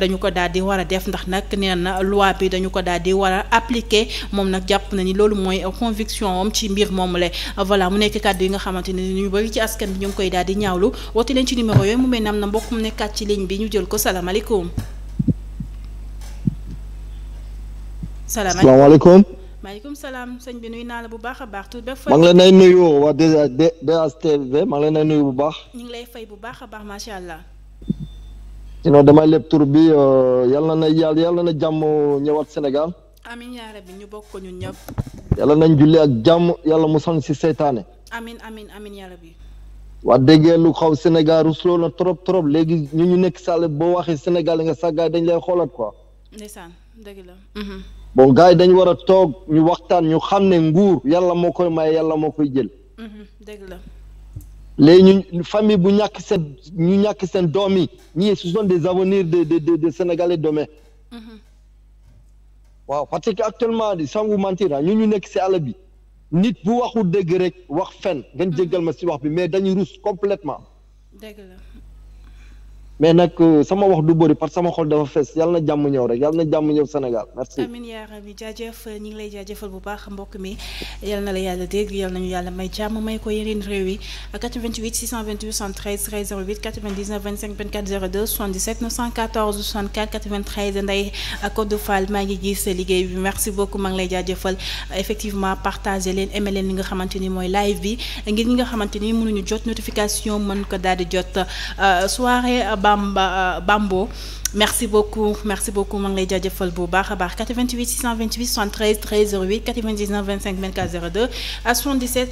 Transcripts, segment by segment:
dañu ko daal di war a def ndax nag nee na loi bi dañu ko daal di war a appliquer moom nag jàpp na ni loolu mooy conviction am ci mbir moom la voilà mu nekk kàdd yi nga xamante ne ñu bëri ci askan bi ñu koy daal di ñaawlu woote leen ci numéro yooyu mu mel ne am na mbokk bi ñu jël ko salaamaaleykum. salaamaaleykum maaleykum salaam sëñ bi nuyu naa bu baax a baax. tuuti ba maa ngi leen di nuyu waa 2STV maa leen di nuyu bu baax. ñu ngi lay fay bu baax a baax macha allah. sinon damay lépp tur bi euh, yàlla na yàlla yàlla na jàmm ñëwaat Sénégal. amiin yaa rabbi ñu bokk ko ñun ñëpp. yàlla nañ julli ak jàmm yàlla mu san si seytaane. amin amiin amiin yaa rabbi. waa déggee lu xaw Sénégal rusloo na trop trop léegi ñu ñu nekk sàll boo waxee Sénégal nga sàggaay dañ lay xoolaat quoi. ndeysaan dëgg la. bon gars dañ war a toog ñu waxtaan ñu xam ne nguur yàlla moo koy maye yàlla moo koy jël. Mm-hmm. léegi ñu famille bu ñàkk seen ñu ñàkk seen doom yi ñii si sont des avenirs de de de sénégalais demain mm-hmm. waaw parce que actuellement sans vous mentir ah, ñu ñu nekk si àll bi nit bu waxul dëgg rek wax fen ngeen jéggal ma si wax bi mais dañuy rus complètement dëgg mais nag euh, sama wax du bëri parce que sama xol dafa fees yàlla na jàmm ñëw rek yàlla na jàmm ñëw Sénégal merci. yaa rabbi jaajëf ñu ngi lay jaajëfal bu baax mbokk mi yal na la yàlla dégg yal nañu yàlla may jàmm may ko yeneen réew yi 88 628 73 13 08 99 25 24 02 77 914 64 93 maa ngi gis liggéey bi merci beaucoup maa ngi lay jaajëfal effectivement partagé leen aimé li nga xamante ni mooy live bi ngir ñi nga xamante ni mënuñu jot notification mën ko daal jot euh, soirée. Bamba euh, Bambo merci beaucoup merci beaucoup maa ngi lay jaajëfal bu baax a baax 88 628 73 13 08 99 25 24 02 à su ko defee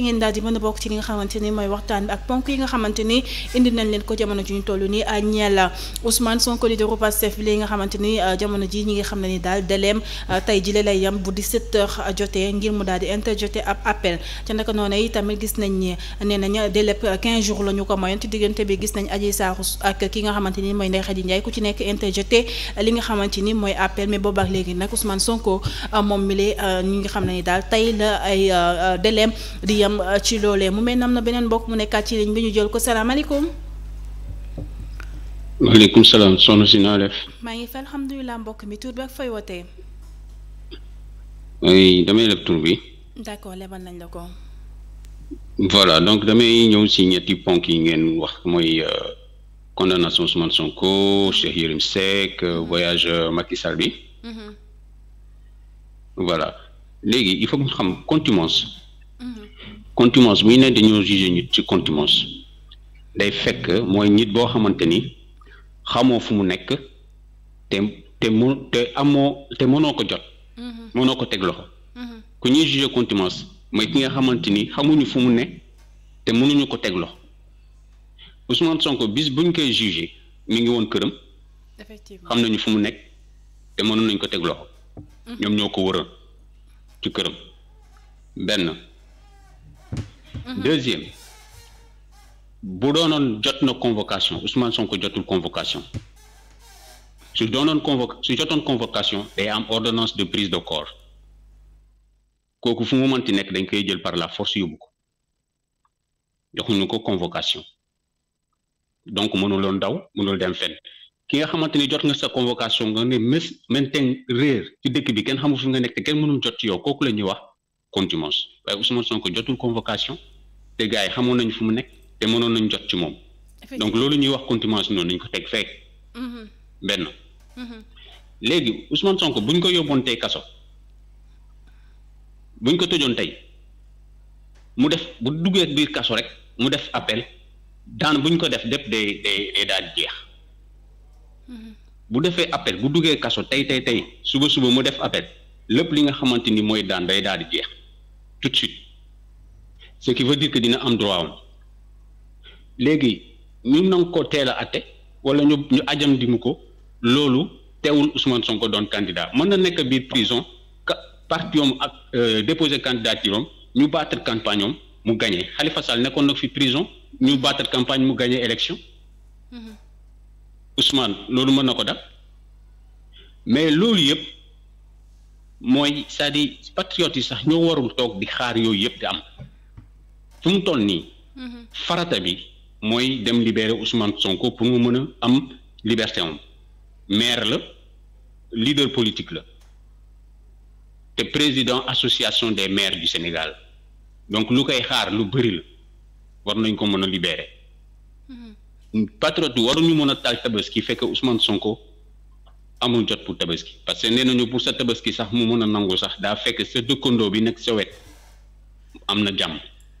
ngeen daal di mën a bokk ci li nga xamante ni mooy waxtaan bi ak ponk yi nga xamante ni indi nañ leen ko jamono ji ñu toll nii ñeel Ousmane Sonko di de Pastef li nga xamante euh, jamono ji ñi nga xam ne ni daal deleem euh, tey jile lay yam bu 17 heures jotee ngir mu daal di interjeté ab appel ca naka noonu tamit gis nañ ne nañ délai 15 jours la ko mayoon ci diggante bi gis nañ Adji Sarr ak ki nga xamante ni mooy Ndeye Khady Ndiaye ku ci nekk interjeté li nga xamante ni mooy appel mais boobaak léegi nag Ousmane Sonko euh, moom mi lee euh, ñi nga xam ne ni daal tey la ay euh, délai di yem ci loolee mu mel nam na beneen mbokk mu nekkaat ci ligne bi ñu jël ko salaamaaleykum. maaleykum salaam soxna si naa def. maa ngi fi alhamdulilah mbokk mi tur bi ak fay wootee. damay leb tur bi. d'accord lebal nañ la ko. voilà donc damay ñëw si ñetti ponk yi ngeen wax mooy euh, condamnation Ousmane Sonko Cheikh Yérim Seck euh, mhm. voyage euh, makisal bi mhm. voilà léegi il faut que xam contumace mhm. contumace bu ñu ne dañoo jugé nit ci contumace day fekk mooy nit boo xamante ni xamoo fu mu nekk te te mu te amoo te mënoo ko jot mënoo ko teg loxo ku ñuy jugé contumace mooy ki nga xamante ni xamuñu fu mu ne te mënuñu ko teglo Ousmane Sonko bis buñ koy jugé mi ngi woon këram xam nañu fu mu nekk te mënoon nañ ko teg mm-hmm. ñoom ñoo ko wëroon ci këram benn mm-hmm. deuxième bu doonoon jot na convocation Ousmane Sonko jotul convocation su doonoon convo su jotoon convocation day am ordonnance de prise de corps kooku fu mu mënti nekk dañ koy jël par la force yóbbu ko joxuñu ko convocation donc mënuloon daw mënul dem fenn ki nga xamante ni jot nga sa convocation nga ne mes mainten réer ci dëkk bi kenn xamul fi nga nekk te mënul jot ci yow kooku la ñuy wax contumace waaye Ousmane Sonko jotul convocation te gars yi xamoon nañ fu mu nekk te mënoon nañ jot ci moom donc loolu ñuy wax contumace noonu nañ ko teg fekk mm-hmm. benn mm-hmm. léegi Ousmane Sonko buñ ko yóbboon tey kaso buñ ko tëjoon tey mu def bu duggee biir kaso rek mu def appel daan buñ ko def lépp day day day daal jeex mm-hmm. bu defee appel bu duggee kaso tey tey tey suba suba mu def appel lépp li nga xamante ni mooy daan day daal di jeex tout de suite ce qui veut dire dina am droit am léegi ñu nangu ko teel a atte wala ñu ñu ajam di mu ko loolu teewul Ousmane Sonko doon candidat mën na nekk biir prison ka parti am ak euh, déposer candidature am ñu battre campagne mu gagné Khalifa Sall nekkoon na fi prison ñu battre campagne mu gagné élection mhm. Ousmane loolu mën na ko dal mais loolu yëpp mooy c'est-à-dire yi sax ñoo warul toog di xaar yooyu yëpp di am fu mu toll nii. Mhm. farata bi mooy dem libérer Ousmane Sonko pour mu mën a am liberté maire la leader politique la. te président association des maires du Sénégal donc lu koy xaar lu bëri la war nañ ko mën a libérer mm-hmm. patriote waruñu mën a taal tabaski fekk Ousmane Sonko amul jot pour tabaski parce que nee nañu pour sa tabaski sax mu mën a nangu sax daa fekk sa dëkkandoo bi nekk sa wet am na jàmm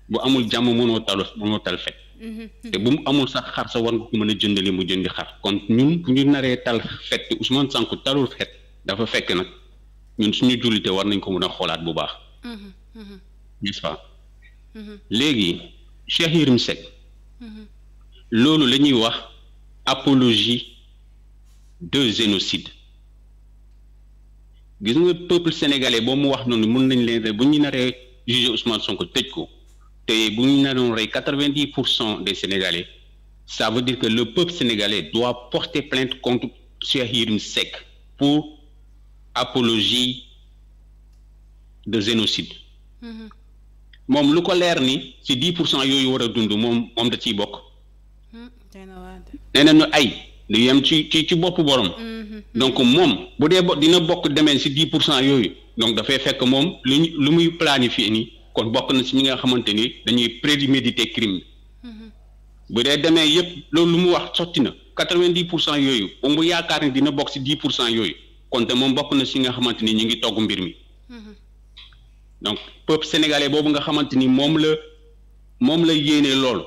bu amul jàmm mënoo tal mënoo tal fet mm-hmm. te bu mu amul sax xar sa war nga ko mën a jëndali mu jëndi xar kon ñun bu ñu naree tal fet Ousmane Sonko talul fet dafa fekk nag ñun suñu jullite war nañ ko mën a xoolaat bu baax. Mhm, mhm. n'est-ce mhm. léegi Cheikh Yérim Seck. loolu la ñuy wax apologie de génocide gis nga peuple sénégalais boo mu wax noonu mun nañ leen rey bu ñu naree jugé Ousmane Sonko tëj ko te bu ñu naroon rey quatre-vingt-dix pour cent des sénégalais ça veut dire que le peuple sénégalais doit porter plainte contre Cheikh Yérim Seck pour. apologie de génocide mm-hmm. moom lu ko leer ni ci dix pour cent yooyu war a dund moom moom da ciy bokk mm-hmm. nee nañu ay du yem ci ci ci bopp borom mm-hmm. donc moom bu dee bo dina bokk demeen ci dix pour cent yooyu donc dafay fekk moom lu ñu lu muy planifier ni kon bokk na si ñi nga xamante ni dañuy préméditer crime bu dee demee yëpp loolu lu mu wax sotti na quatre vingt pour cent yooyu moom bu yaakaar ni dina bokk ci dix pour cent yooyu Konté moom bokk na si nga xamante ni ñu ngi togg mbir mi mm-hmm. donc peuple sénégalais boobu nga xamante ni moom la moom lay yéene loolu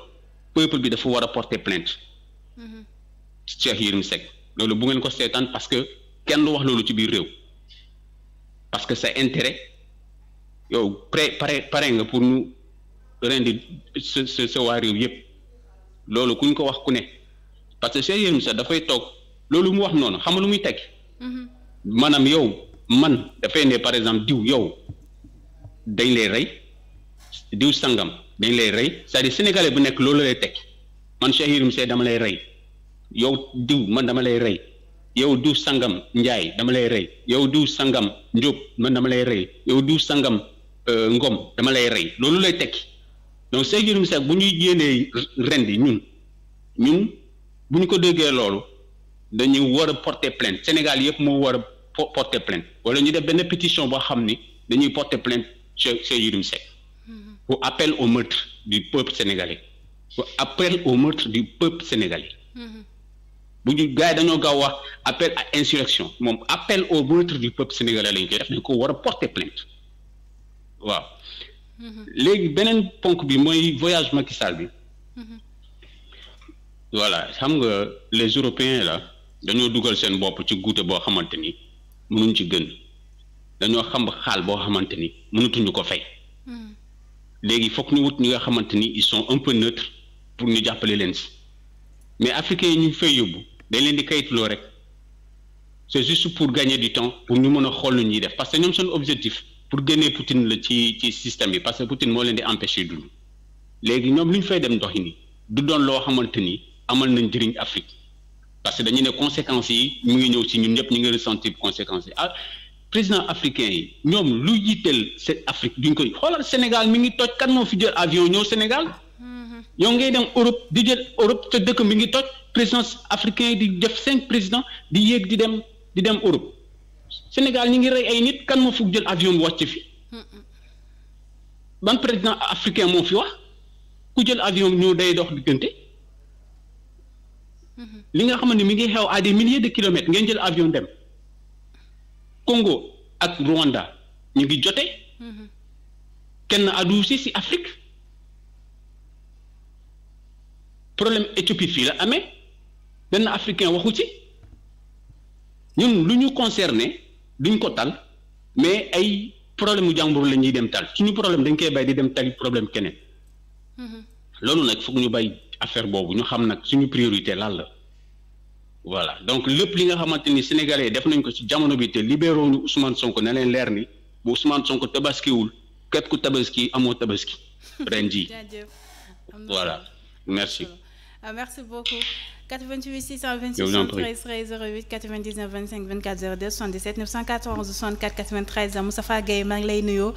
peuple bi dafa war a porter plainte mm-hmm. Cheikh Yérim Seck loolu bu ngeen ko seetaan parce que kenn du wax loolu ci biir réew parce que sa intérêt yow pré pare pare nga pour ñu rendi sa sa sa waa réew yëpp loolu kuñ ko wax ku ne parce que Cheikh Yérim Seck dafay toog loolu mu wax noonu xam lu muy teg maanaam yow man dafay ne par exemple diw yow dañ lay rey diw sangam dañ lay rey c'est-à-dire bu nekk loolu lay teg man Cheikh Yérim Seck dama lay rey yow diw man dama lay rey yow diw sangam Ndiaye dama lay rey yow diw sangam Diop man dama lay rey yow diw sangam euh, Ngom dama lay rey loolu lay tekki donc Cheikh Yérim Seck bu ñuy yéenee rendi ñun ñun bu ñu ko déggee loolu. dañu war a porter plainte Sénégal yëpp moo war a porter plainte wala ñu def benn pétition boo xam ni dañuy porter plainte chez chez Yérim Seck mm-hmm. pour appel au meurtre du peuple sénégalais pour au meurtre du peuple sénégalais mm-hmm. bu ñu gars dañoo gaaw wax appel à insurrection moom appel au meurtre du peuple sénégalais lañu koy def dañ ko war a porter plainte waaw mm-hmm. léegi beneen ponk bi mooy voyage Macky Sall bi voilà xam nga les Européens la dañoo dugal seen bopp ci guute boo xamante ni mënuñ ci gën dañoo xam xaal boo xamante ni mënatuñu ko fay hmm. léegi foog ñu wut ñi nga xamante ni ils sont un peu neutres pour ñu jàppale leen si mais africains yi ñu fay yóbbu dañ leen di kayitloo rek c'est juste pour gagner di temps pour ñu mën a xool lu ñuy def parce que ñoom seen objectif pour génnee Poutine la ci ci système bi parce que Poutine moo leen di empêcher dund léegi ñoom lu ñu fay dem doxi ni du doon loo xamante ni amal na njëriñ Afrique parce que dañu ne conséquences yi mu ngi ñëw ci ñun ñëpp ñu ngi ressentir conséquences yi ah président africain yi ñoom lu jiiteel c'est Afrique duñ koy xoolal Sénégal mi ngi toj kan moo fi jël avion ñëw Sénégal ñoo mm-hmm. ngay dem Europe di jël Europe dëkk mi ngi toj présidence africain di def cinq président di yéeg di dem di dem Europe Sénégal ñu ngi rey ay nit kan moo fi jël avion bu wàcc fi mm-hmm. ban président africain moo fi wax ku jël avion ñëw day dox diggante. li nga xamante ni mi ngi xew à des milliers de kilomètres ngeen jël avion dem Congo ak Rwanda ñu ngi jote kenn adouci ci Afrique problème Éthiopie fii la amee benn africain waxu ci ñun lu ñu concerné duñ ko tal mais ay problème mu jàmbur la ñuy dem tal suñu problème dañ koy bàyyi di dem tali problème keneen mhm. loolu nag foog ñu bàyyi affaire boobu ñu xam nag suñu priorité lan la voilà donc lépp li nga xamante ni sénégalais def nañ ko ci jamono bi te libéré ñu Ousmane Sonko ne leen leer ni bu Ousmane Sonko tabaskiwul képp ku tabaski amoo tabaski ren jii voilà merci ah, merci beaucoup 88 626 73 13 08 99 25 24 02 77 914 64 lay nuyoo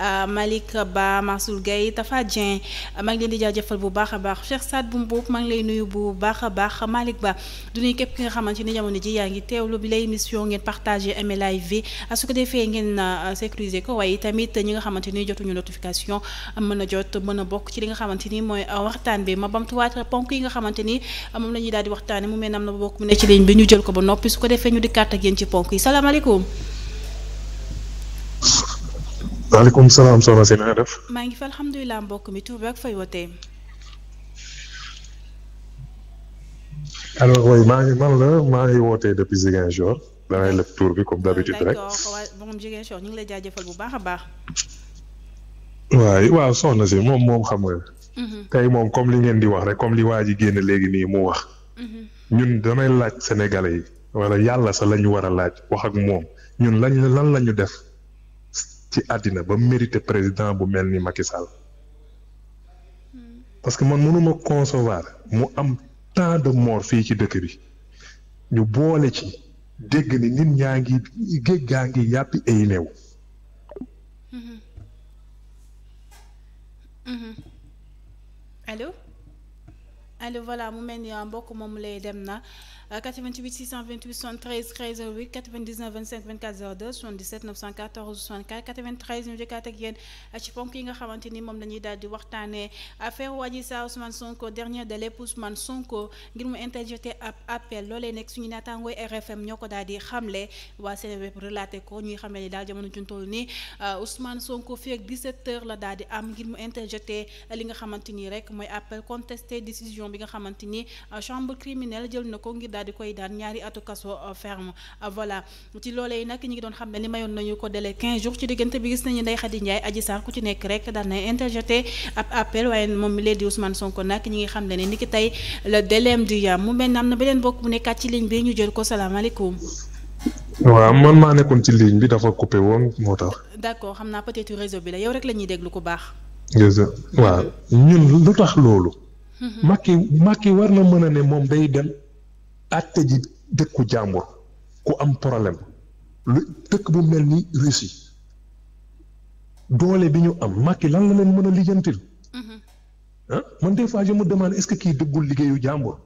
euh, Malick Ba Mansour Guèye Tafa Dieng maa leen di jaajëfal bu baax a baax Cheikh Saad bu Mbuub maa lay nuyu bu baax a baax Malick Ba du nuyu képp ki nga xamante ni jamono ji yaa ngi teewlu bi lay émission ngeen partagé aimé live bi su ko defee ngeen euh, sécuriser ko waaye tamit ñi nga xamante ni jotuñu notification mën a jot mën a bokk ci li nga xamante ni mooy euh, waxtaan bi ma bamtuwaat ponk yi nga xamante ni moom la daal di waxtaane mu mel ne am na bokk mu ne ci ligne bi ñu jël ko ba noppi su ko defee ñu dikkaat ak yéen ci ponk yi salaamaaleykum. salaam soxna si maa ngi fi alhamdulilah mbokk mi tur beeg fay wootee. alors oui maa ngi man la maa ngi wootee depuis Ziguinchor damay leb tour bi comme d'habitude rek. moom Ziguinchor ñu ngi lay jëfal bu baax a baax. waaw waaw soxna si moom moom xam nga. Mhm. tey moom comme li ngeen di wax rek comme li waa ji génn léegi nii mu wax. Mm-hmm. ñun damay laaj Sénégalais yi wala yàlla sa lañu ñu war a laaj wax ak moom ñun lañ lan lañu def ci àddina ba mérité président bu mel ni Macky Sall mm-hmm. parce que man mënuma concevoir mu am tant de mort fii ci dëkk bi ñu boole ci dégg ni nit ñaa ngi géej gaa ngi yàppi ay néew mm-hmm. allo voilà mu mel ni euh, mbokk moom lay dem na 88 628 73 13 08 99 25 24 02 77 914 64 93 ñu jëkkaat ak yéen euh, ci ponk yi nga xamante ni moom la ñuy daal di waxtaanee affaire Adji Sarr Sonko dernier de l'épouse Ousmane Sonko ngir mu interjeté ab appel loolee nekk suñu naataangooy RFM ñoo ko daal di xamle waa Seneweb relaté ko ñuy xamle ni daal jamono juntoll ni euh, Ousmane Sonko fii ak 17 heures la daal di am ngir mu ni rek mooy appel contesté décision bi nga xamante ni euh, chambre criminelle jël na ko ngir daal di koy daan ñaari atu kaso euh, ferme euh, voilà ci loolee nag ñi ngi doon xam ne ni mayoon nañu ko délai 15 jours ci diggante bi gis nañu Ndeye Khady Ndiaye Adji Sarr ku ci nekk rek daan na interjeté ab appel waaye moom mi lee di Ousmane Sonko nag ñi ngi xam ne ne ni ki tey le délai di yam mu mel na beneen bokk bu nekkaat ci ligne bi ñu jël ko salaamaaleykum. waaw man maa nekkoon ci ligne bi dafa coupé woon la yow rek la ñuy déglu ku baax. waaw ñun lu Mm-hmm. Macky Macky war na mën a ne moom day dem àtte ji dëkku jàmbur ku am problème lu dëkk bu mel ni Russie doole bi ñu am Macky lan la leen mën a lijjantil mm-hmm. ah, man dee fois je me demande est-ce que kii dëggul liggéeyu jàmbur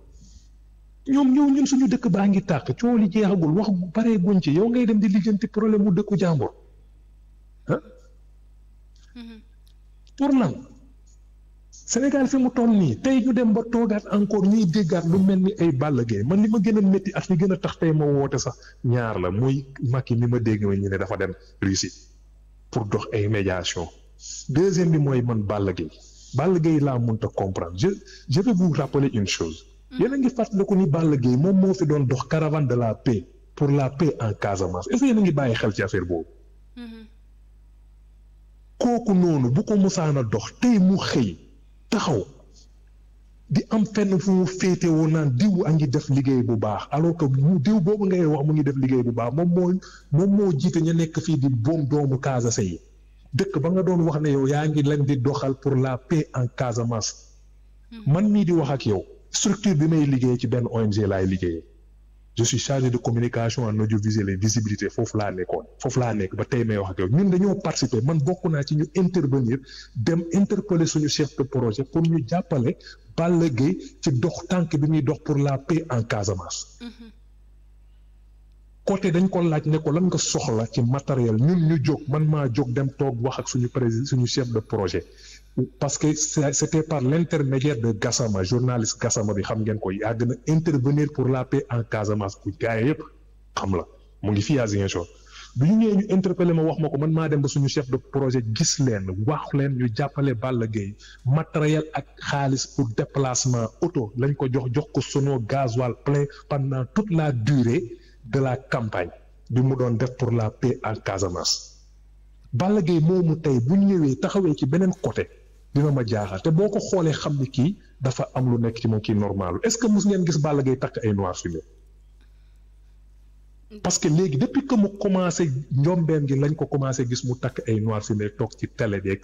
ñoom ñëw ñun suñu dëkk baa ngi tàkk coow li jeexagul wax baree guñ ci yow ngay dem di lijjanti problème mu dëkku jàmbur ah mm-hmm. pour lan Sénégal fi mu toll nii tey ñu dem ba toogaat encore ñuy déggaat lu mel ni ay Balla Gaye man li ma gën a métti ak li gën a tax tey ma woote sax ñaar la muy Macky mi ma dégg ma ñu ne dafa dem Russie pour dox ay médiation deuxième bi mooy man Balla Gaye Balla Gaye laa mënta comprendre je je vais vous une chose. Mm. yéen a ngi fàttaliku ni bàll Gaye moom moo fi doon dox caravane de la paix pour la paix en Casamance est-ce que yéen ngi bàyyi xel ci affaire boobu. Mm-hmm. kooku dox tey taxaw di am fenn fu mu féetewoo naan diw a ngi def liggéey bu baax alors que diw boobu ngay wax mu ngi def liggéey bu baax moom moo moom moo jiite ña nekk fii di boom doomu Casamance yi dëkk ba nga doon wax ne yow yaa ngi leen di doxal pour la paix en Casamance mm-hmm. man mii di wax ak yow structure bi may liggéey ci benn ONG laay liggéeyee. je suis chargé de communication en audiovisuel et visibilité foofu laa nekkoon foofu laa nekk ba tey may wax ak yow ñun dañoo participer man bokk naa ci ñu intervenir dem interpeller suñu chef projet pour ñu jàppale Balla Gaye ci dox tànk bi muy dox pour la paix en Casamance. Mm-hmm. côté dañ ko laaj ne ko lan nga soxla ci matériel ñun ñu jóg man maa jóg dem toog wax ak suñu président suñu chef de projet parce que c'était par l'intermédiaire de Gassama journaliste Gassama bi xam ngeen ko yàgg na intervenir pour la paix en Casamance ku gars yëpp xam la mu ngi fi à Ziguinchor bu ñu ñëwee ñu interpellé ma wax ma ko man maa dem ba suñu chef de projet gis leen wax leen ñu jàppale Balla Gaye matériel ak xaalis pour déplacement auto lañ ko jox jox ko sono gasoil plein pendant toute la durée de la campagne bi mu doon def pour la paix en Casamance Balla Gaye moomu tey bu ñëwee taxawee ci beneen côté dina ma jaaxal te boo ko xoolee xam ni kii dafa am lu nekk ci moom kii normal est-ce que mos ngeen gis Balla Gaye takk ay noir fumé parce que léegi depuis que mu commencé njombeen gi lañ ko commencé gis mu takk ay noir si ne toog ci télé beeg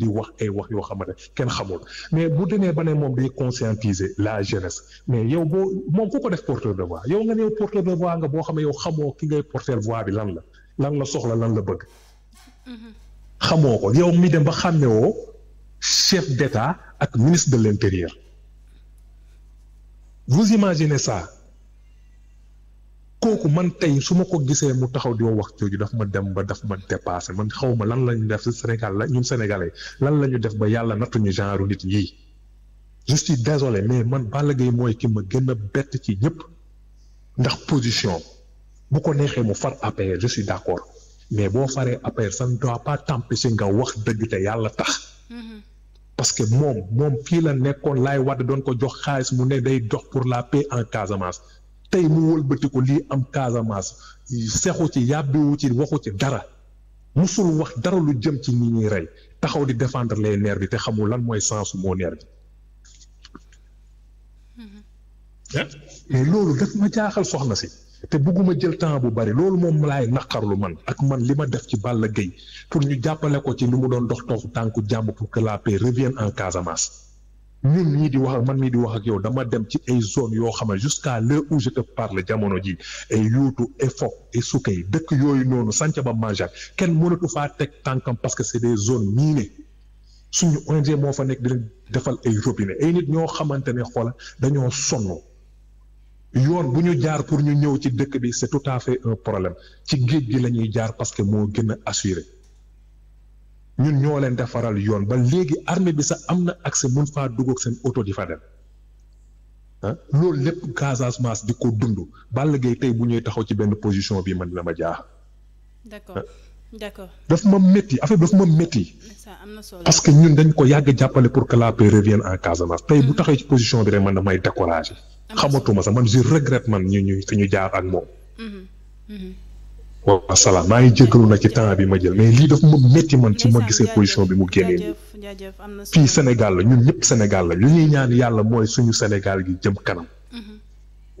di wax ay wax yoo xamante ne kenn xamul mais bu demee ba ne moom day conscientiser la jeunesse mais yow boo moom ku ko def porteur de voix yow nga ne yow de voix nga boo xam ne yow xamoo ki ngay porteur voix bi lan la lan la soxla lan la bëgg. Mm-hmm. xamoo ko yow mi dem ba xàmme woo chef d' ak ministre de l' intérieur vous imaginez ça. kooku man tey su ma ko gisee mu taxaw di wax jooju daf ma dem ba daf ma dépassé man xaw ma lan la ñu def si Sénégal la ñun sénégalais lan la ñu def ba yàlla nattuñu genre nit yii je suis désolé mais man Balla mooy ki ma gën a ci ñëpp ndax position bu ko neexee mu far APR je suis d'accord mais boo faree APR ça ne doit pas t'empêcher nga wax dëgg te yàlla tax. Mm-hmm. parce que moom moom fii la nekkoon laay da doon ko jox xaalis mu ne day dox pour la paix en Casamance. tey mu wëlbati ko lii am Casamance sexu ci yàbbiwu ci waxu ci dara musul wax dara lu jëm ci ñi ñuy rey taxaw di défendre lay nervis bi te xamul lan mooy sensu moo nervis bi mm-hmm. mais loolu daf ma jaaxal soxna si te bëgguma jël temps bu bari loolu moom laay naqarlu man ak man li ma def ci Balla Gaye pour ñu jàppale ko ci lu mu doon dox toofu tànku jàmm pour que la revienne en Casamance. ñun ñii di wax ak man mii di wax ak yow dama dem ci ay zone yoo xam ne jusqu'à l'heure où je te parle jamono ji ay yuutu et fokk et sukkay dëkk yooyu noonu Santhiaba Manjak kenn mënatu faa teg tànkam parce que c'est des zones ne suñu ONG moo fa nekk dina defal ay robinet ay nit ñoo xamante ne xoola dañoo sonn yoon bu ñu jaar pour ñu ñëw ci dëkk bi c'est tout à fait un problème ci géej gi la ñuy jaar parce que moo gën a assuré ñun ñoo leen defaral yoon ba léegi armée bi sax am na accès mun faa dugg seen oto di fa dem ah loolu lépp Casamance di ko dund Balla Gaye tey bu ñuy taxaw ci benn position bi man dina ma jaaxal. d'accord ah. d'accord daf ma métti affaire bi daf ma métti. am na solo parce que ñun dañ ko yàgg jàppale pour que la paix revienne en Casamance tey bu mm-hmm. taxaw ci position bi rek man damay découragé. xamatuma sax man je regrette man ñu ñu fi ñu jaar ak moom. Mm-hmm. Mm-hmm. waaw salaam maa ngi jégalu na ci temps bi ma jël mais lii dafa ma métti man ci ma gisee position bi mu génnee nii fii Sénégal la ñun ñëpp Sénégal la li ñuy ñaan yàlla mooy suñu Sénégal gi jëm kanam mhm.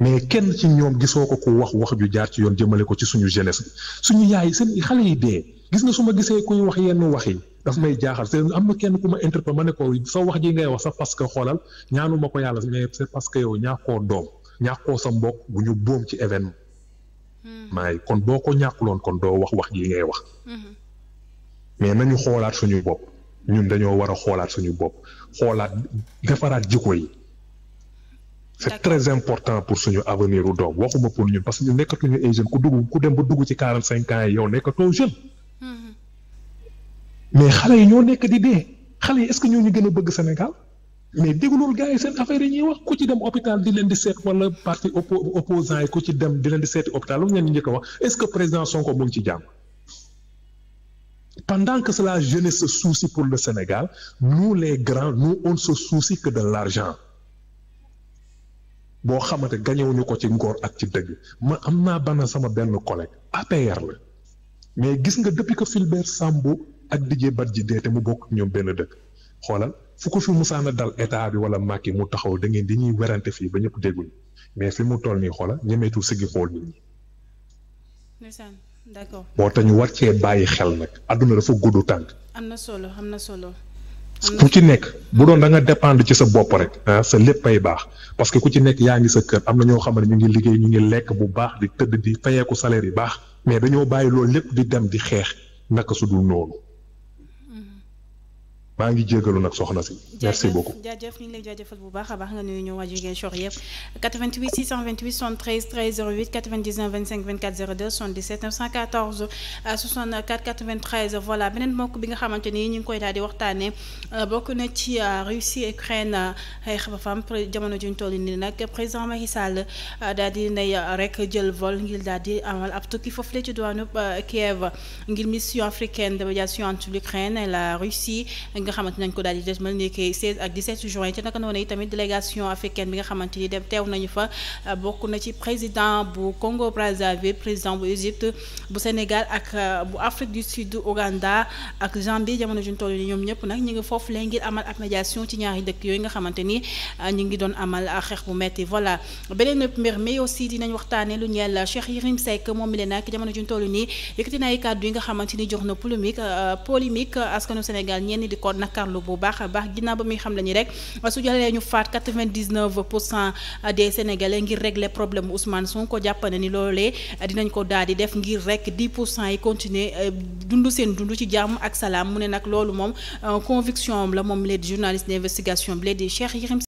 mais kenn ci ñoom gisoo ko wax wax ju jaar ci yoon jëmale ko ci suñu jeunesse suñu yaay seen xale yi dee gis nga su ma gisee kuy wax yenn wax yi daf may jaaxal seen am na kenn ku ma interpellé ma ne ko sa wax ji ngay wax sa parce que xoolal ñaanu ma ko yàlla mais c'est parce que yow ñàkkoo doom ñàkkoo sa mbokk bu ñu boom ci événement. Mm-hmm. maay kon boo ko ñàkkuloon kon doo wax wax yi ngay wax mm-hmm. mais nañu xoolaat suñu bopp ñun dañoo war a xoolaat suñu bopp xoolaat defaraat jikko yi c'est très important pour suñu avenir u doom waxuma pour ñun parce que ñu nekkatuñu ay jeunes ku dugg ku dem ba dugg ci quarante cinq ans yi yow nekkatoo jeune mm-hmm. mais xale yi ñoo nekk di dee xale yi est-ce que ñoo ñu gën a bëgg Sénégal mais déglul gars yi seen affaire yi ñuy wax ku ci dem hôpital di leen di seet wala parti opposant yi ku ci dem di leen di seeti hôpital lu ngeen njëkk a wax est-ce que président Sonko mu ngi ci jàmm pendant que la jeunesse se soucie pour le Sénégal nous les grands nous on se soucie que de l'argent boo xamante gañewuñu ko ci ngor ak ci dëgg ma am naa bana sama benn collègue APR la mais gis nga depuis ko Fulbert Sambou ak Didier Badji dee te mu bokk ñoom benn dëkk xoolal fu ko fi musaana dal état bi wala Macky mu taxaw da ngeen ñuy werante fii ba ñëpp dégguñu mais fi mu toll nii xoola ñemeetul sëggi xool nit ñi. d'accord moo tax ñu war cee bàyyi xel nag àdduna dafa gudd tànk. am na solo am na solo. ku ci nekk bu doon da nga dépendre ci sa bopp rek ah sa léppay baax parce que ku ci nekk yaa ngi sa kër am na ñoo xam ne ñu ngi liggéey ñu ngi lekk bu baax di tëdd di fayeeku salaire yi baax mais dañoo bàyyi loolu lépp di dem di xeex naka su dul noonu maa ngi jégalu nag soxna si. merci beaucoup jaajëf ñu ngi lay jaajëfal bu baax a baax nga nuyu ñu waa Ziguinchor yëpp euh, beneen mbokk bi nga xamante ni ñu koy daal di euh, bokk na ci euh, Russie Ukraine xeex ba fam jamono juñ toll nii nag président Macky Sall nay rek jël vol ngir daal amal ab tukki foofu la ci diwaanu Kiev ngir mission africaine de médiation entre l'Ukraine la Russie. nga xamante nañ ko daal di desmal ni ki ak juin ci naka noonu itamit délégation africaine bi nga xamante dem teew nañu fa bokk na ci président bu Congo Brazzaville président bu Égypte bu Sénégal ak euh, bu Afrique du Sud Ouganda ak Zambie jamono juñ toll ni ñoom ñëpp nag ñu ngi foofu leen ngir amal ab médiation ci ñaari dëkk yooyu nga xamante euh, ñu ngi doon amal xeex bu metti voilà beneen mbir mi aussi dinañ waxtaane lu ñeel Cheikh Yérim Seck moom mi leen yi nga xamante jox na euh, ko nakarlu bu baax a baax ginnaaw ba muy xam la ni rek su jëlee ñu faat 99 pour cent des sénégalais ngir régler problème Ousmane Sonko jàpp na ni loolee dinañ ko daal di def ngir rek 10 pour cent yi continuer euh, dund seen dundu ci jàmm ak salaam mu ne nag loolu moom euh, conviction am la moom les journalistes investigation bi di Cheikh Yérim